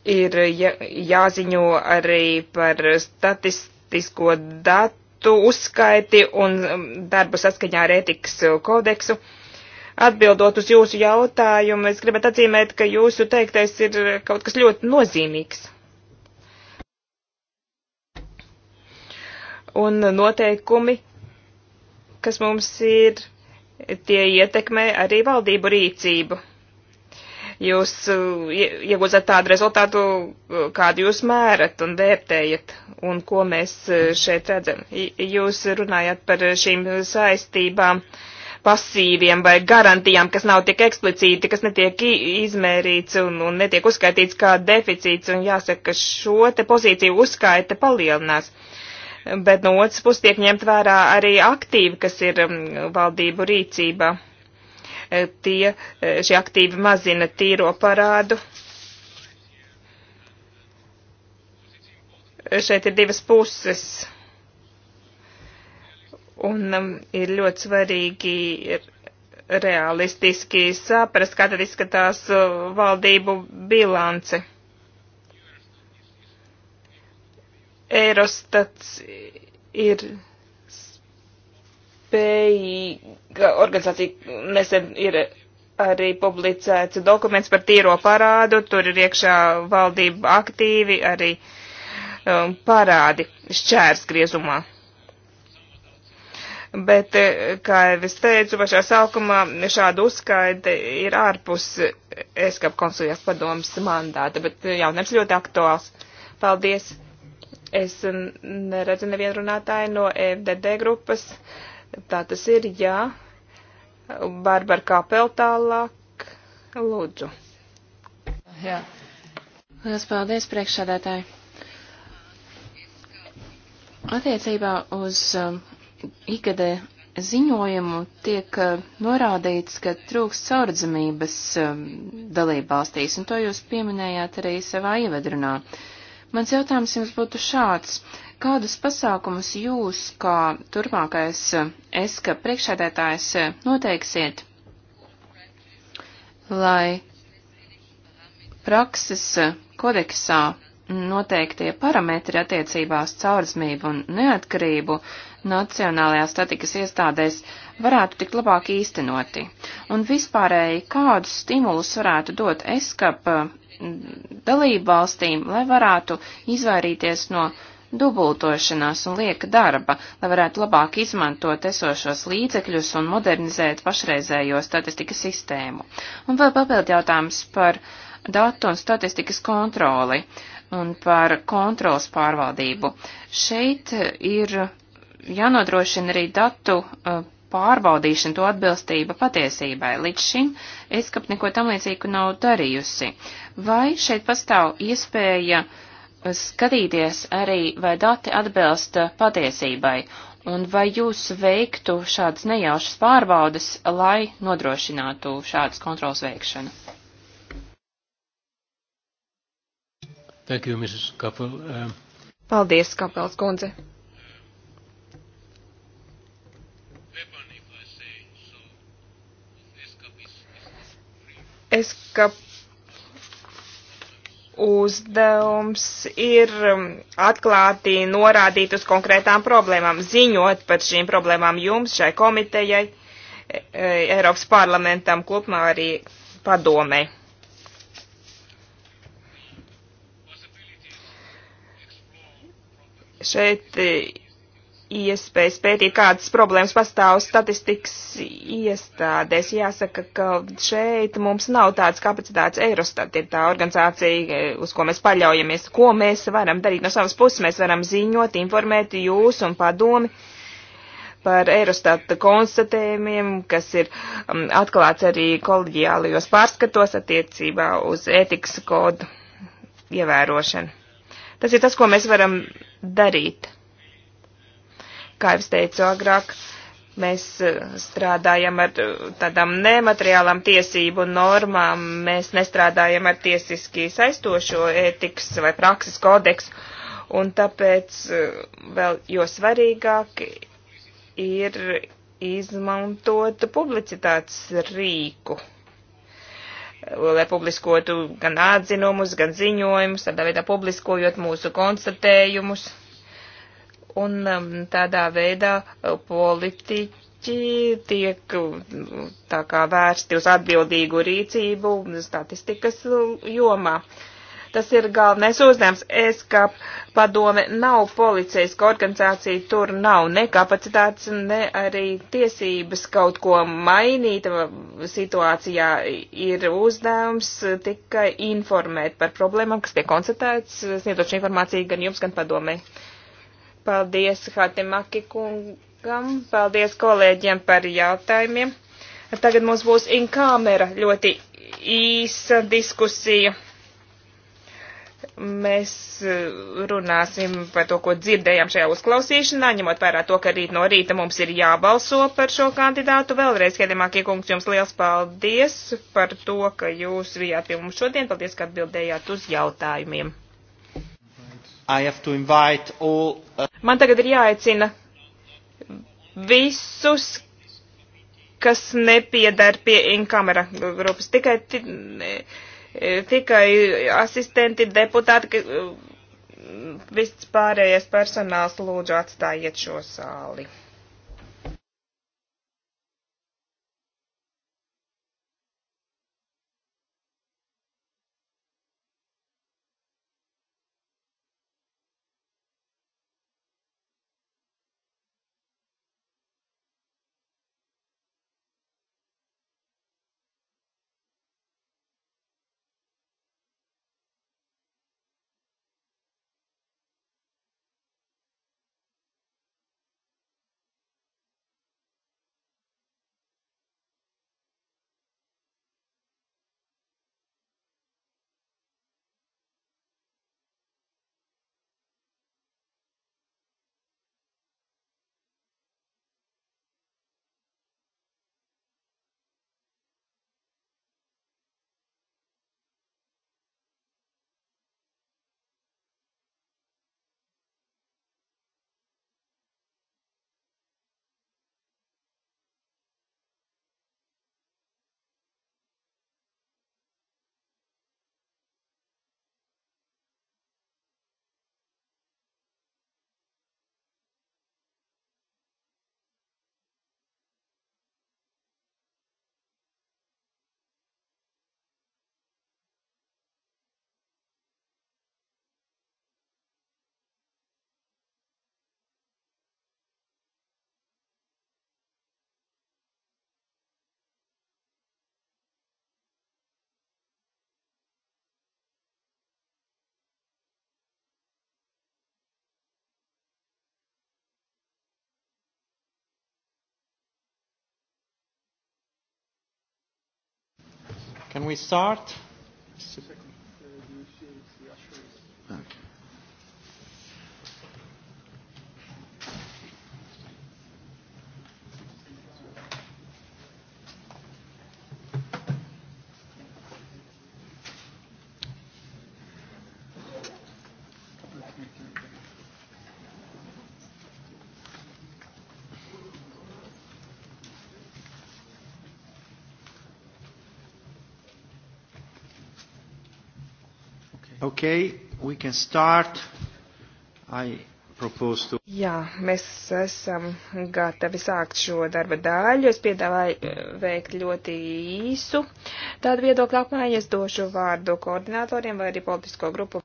Speaker 3: ir jāziņo arī par statistisko datu uzskaiti un darbu saskaņā ar ētikas kodeksu. Atbildot uz jūsu jautājumu, es gribētu atzīmēt, ka jūsu teiktais ir kaut kas ļoti nozīmīgs un noteikumi, kas mums ir, tie ietekmē arī valdību rīcību. Jūs uh, iegūstat tādu rezultātu, uh, kādu jūs mērat un vērtējat, un ko mēs uh, šeit redzam. Jūs runājat par šīm saistībām, pasīviem vai garantijām, kas nav tik eksplicīti, kas netiek izmērīts un, un netiek uzskaitīts kā deficīts, un jāsaka, ka šo te pozīciju uzskaita palielinās. Uh, bet no otras puses tiek ņemt vērā arī aktīvi, kas ir um, valdību rīcībā. E, tie, e, šie aktīvi mazina tīro parādu. E, šeit ir divas puses. Un um, ir ļoti svarīgi ir realistiski saprast, kā tad izskatās uh, valdību bilance. Eirostats ir spējīga organizācija. Nesen ir arī publicēts dokuments par tīro parādu, tur ir iekšā valdība aktīvi arī um, parādi šķērs griezumā. Bet, eh, kā jau es teicu, pašā sākumā šāda uzskaita ir ārpus ESKAP konsulijas padomas mandāta, bet eh, jautājums ļoti aktuāls. Paldies! Es neredzu nevienu runātāju no FDD grupas. Tā tas ir, jā. Barbara Kapel tālāk. Lūdzu.
Speaker 1: Jā. Lielas paldies, priekšsādētāji. Attiecībā uz um, ikgadē ziņojumu tiek uh, norādīts, ka trūks caurdzamības um, dalībvalstīs, un to jūs pieminējāt arī savā ievadrunā. Uh, Mans jautājums jums būtu šāds. Kādus pasākumus jūs, kā turpmākais eh, ESKA priekšsēdētājs, eh, noteiksiet, lai prakses eh, kodeksā noteiktie parametri attiecībās caurzmību un neatkarību nacionālajās statikas iestādēs varētu tikt labāk īstenoti? Un vispārēji, kādus stimulus varētu dot ESKAP dalību valstīm, lai varētu izvairīties no dubultošanās un lieka darba, lai varētu labāk izmantot esošos līdzekļus un modernizēt pašreizējo statistikas sistēmu. Un vēl papildu jautājums par datu un statistikas kontroli un par kontrolas pārvaldību. Šeit ir jānodrošina arī datu uh, pārbaudīšana, to atbilstība patiesībai. Līdz šim es kap neko tam līdzīgu nav darījusi. Vai šeit pastāv iespēja skatīties arī, vai dati atbilst patiesībai, un vai jūs veiktu šādas nejaušas pārbaudas, lai nodrošinātu šādas kontrols veikšanu? Thank you, Mrs. Kapel. Um... Uh,
Speaker 3: Paldies, Kapels kundze. ESCA uzdevums ir um, atklāti norādīt uz konkrētām problēmām, ziņot par šīm problēmām jums, šai komitejai, e, e, Eiropas parlamentam kopumā arī padomē. Šeit e, iespējas pētīt, kādas problēmas pastāv statistikas iestādēs. Jāsaka, ka šeit mums nav tādas kapacitātes. Eurostat ir tā organizācija, uz ko mēs paļaujamies. Ko mēs varam darīt no savas puses? Mēs varam ziņot, informēt jūs un padomi par Eurostata konstatējumiem, kas ir um, atklāts arī kolģiālajos pārskatos attiecībā uz ētikas kodu ievērošanu. Tas ir tas, ko mēs varam darīt Kā jau es teicu agrāk, mēs eh, strādājam ar eh, tādām nemateriālām tiesību normām, mēs nestrādājam ar tiesiski saistošo ētikas vai prakses kodeksu, un tāpēc eh, vēl jo svarīgāk ir izmantot publicitātes rīku, lai publiskotu gan atzinumus, gan ziņojumus, tādā veidā publiskojot mūsu konstatējumus Un um, tādā veidā uh, politiķi mērķi tiek uh, tā kā vērsti uz atbildīgu rīcību statistikas uh, jomā. Tas ir galvenais uzdevums. Es kā padome nav policeiska organizācija, tur nav ne kapacitātes, ne arī tiesības kaut ko mainīt. Situācijā ir uzdevums tikai informēt par problēmām, kas tiek konstatēts, sniedot šo informāciju gan jums, gan padomei. Paldies Hatimaki kungam, paldies kolēģiem par jautājumiem. Tagad mums būs inkāmera ļoti īsa diskusija. Mēs eh, runāsim par to, ko dzirdējām šajā uzklausīšanā, ņemot vērā to, ka rīt no rīta mums ir jābalso par šo kandidātu. Vēlreiz, Hedemākie kungs, jums liels paldies par to, ka jūs bijāt pie mums šodien. Paldies, ka atbildējāt uz jautājumiem.
Speaker 2: All... Uh,
Speaker 3: Man tagad ir jāaicina visus, kas nepiedara pie inkamera grupas. Tikai, e, tikai asistenti, deputāti, e, viss pārējais personāls lūdzu atstājiet šo sāli.
Speaker 2: Can we start? Second. Okay, we can start. I propose to.
Speaker 3: Jā, mēs esam gatavi sākt šo darba daļu. Es piedāvāju eh, veikt ļoti īsu tādu viedokļu apmaiņu. Es došu vārdu koordinatoriem vai arī politisko grupu